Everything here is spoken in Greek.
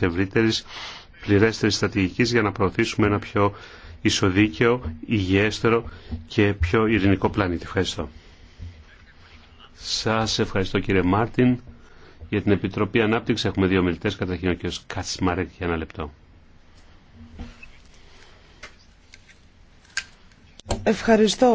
ευρύτερη πληρέστερη στρατηγική για να προωθήσουμε ένα πιο ισοδίκαιο, υγιέστερο και πιο ειρηνικό πλανήτη. Ευχαριστώ. Σα ευχαριστώ κύριε Μάρτιν. Για την Επιτροπή Ανάπτυξη έχουμε δύο μιλητέ. Καταρχήν ο κ. Κατσμαρέκ για ένα λεπτό. Ευχαριστώ.